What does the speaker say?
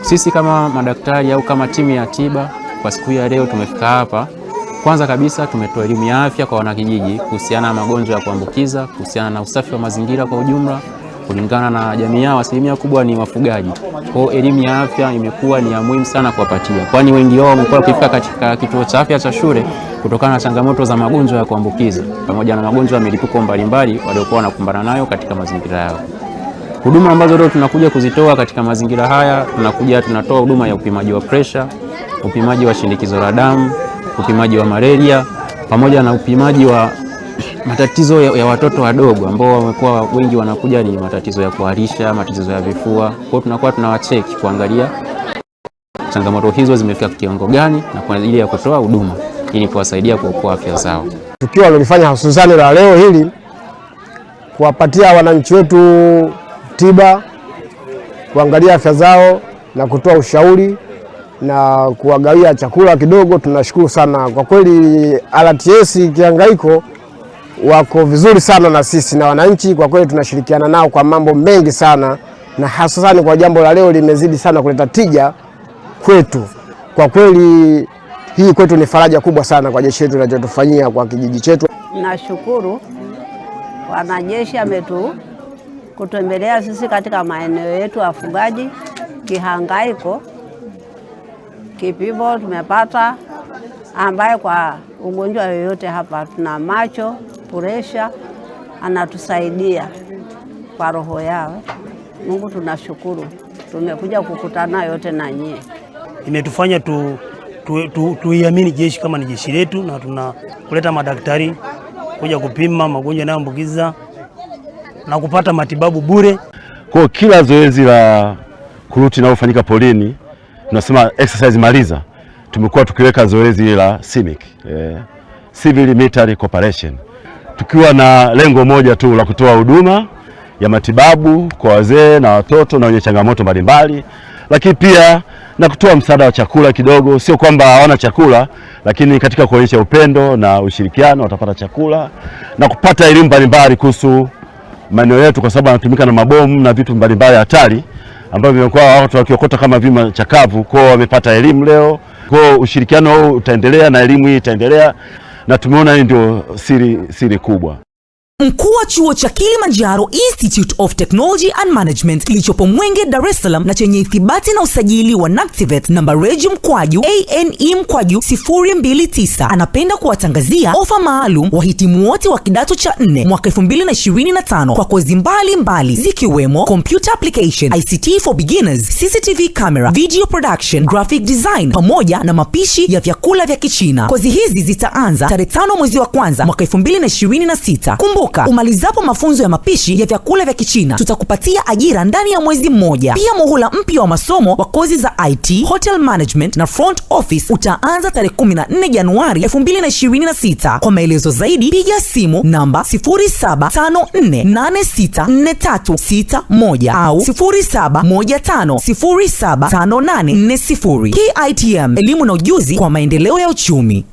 Sisi kama madaktari au kama timu ya tiba kwa siku ya leo tumefika hapa, kwanza kabisa tumetoa elimu ya afya kwa wanakijiji kuhusiana na magonjwa ya kuambukiza, kuhusiana na usafi wa mazingira kwa ujumla kulingana na jamii yao, asilimia kubwa ni wafugaji. Kwa hiyo elimu ya afya imekuwa ni ya muhimu sana kuwapatia, kwani wengi wao wamekuwa wakifika katika kituo cha afya cha shule kutokana na changamoto za magonjwa ya kuambukiza pamoja na magonjwa ya milipuko mbalimbali waliokuwa wanakumbana nayo katika mazingira yao. Huduma ambazo leo tunakuja kuzitoa katika mazingira haya, tunakuja tunatoa huduma ya upimaji wa presha, upimaji wa shinikizo la damu, upimaji wa malaria pamoja na upimaji wa matatizo ya, ya watoto wadogo ambao wamekuwa wengi wanakuja ni matatizo ya kuharisha, matatizo ya vifua. Kwa tunakuwa tunawacheki kuangalia changamoto hizo zimefika kiwango gani, na kwa ajili ya kutoa huduma ili kuwasaidia kuokoa afya zao. Tukio alilofanya hususani la leo hili kuwapatia wananchi wetu tiba, kuangalia afya zao na kutoa ushauri na kuwagawia chakula kidogo. Tunashukuru sana kwa kweli, RTS Kihangaiko wako vizuri sana na sisi na wananchi, kwa kweli tunashirikiana nao kwa mambo mengi sana, na hasasani kwa jambo la leo limezidi sana kuleta tija kwetu. Kwa kweli hii kwetu ni faraja kubwa sana kwa jeshi letu linachotufanyia kwa kijiji chetu. Nashukuru wanajeshi ametu kutembelea sisi katika maeneo yetu afugaji wafugaji, kihangaiko kipimo tumepata, ambaye kwa ugonjwa yoyote hapa tuna macho puresha, anatusaidia kwa roho yao. Mungu tunashukuru, tumekuja kukutana yote na nyie, imetufanya tu tuiamini tu, tu jeshi kama ni jeshi letu, na tuna kuleta madaktari kuja kupima magonjwa yanayoambukiza na kupata matibabu bure. Kwa kila zoezi la kuruti linalofanyika polini tunasema exercise maliza, tumekuwa tukiweka zoezi la CIMIC, eh, Civil Military Cooperation, tukiwa na lengo moja tu la kutoa huduma ya matibabu kwa wazee na watoto na wenye changamoto mbalimbali, lakini pia na kutoa msaada wa chakula kidogo. Sio kwamba hawana chakula, lakini katika kuonyesha upendo na ushirikiano watapata chakula na kupata elimu mbalimbali kuhusu maeneo yetu, kwa sababu anatumika na mabomu na vitu mbalimbali hatari ambavyo vimekuwa watu wakiokota kama vima chakavu. Kwao wamepata elimu leo, kwao ushirikiano huu utaendelea na elimu hii itaendelea, na tumeona hii ndio siri, siri kubwa. Mkuu wa chuo cha Kilimanjaro Institute of Technology and Management kilichopo Mwenge, Dar es Salaam na chenye ithibati na usajili wa NACTIVET namba reji mkwaju ane mkwaju 029 anapenda kuwatangazia ofa maalum wahitimu wote wa kidato cha 4 mwaka 2025 kwa kozi mbalimbali zikiwemo computer application, ICT for beginners, CCTV camera, video production, graphic design pamoja na mapishi ya vyakula vya Kichina. Kozi hizi zitaanza tarehe 5 mwezi wa kwanza mwaka 2026. Kumbu toka umalizapo mafunzo ya mapishi ya vyakula vya Kichina, tutakupatia ajira ndani ya mwezi mmoja. Pia muhula mpya wa masomo wa kozi za IT, hotel management na front office utaanza tarehe 14 Januari 2026. Kwa maelezo zaidi piga simu namba 0754864361 au 0715075840. HITM, elimu na ujuzi kwa maendeleo ya uchumi.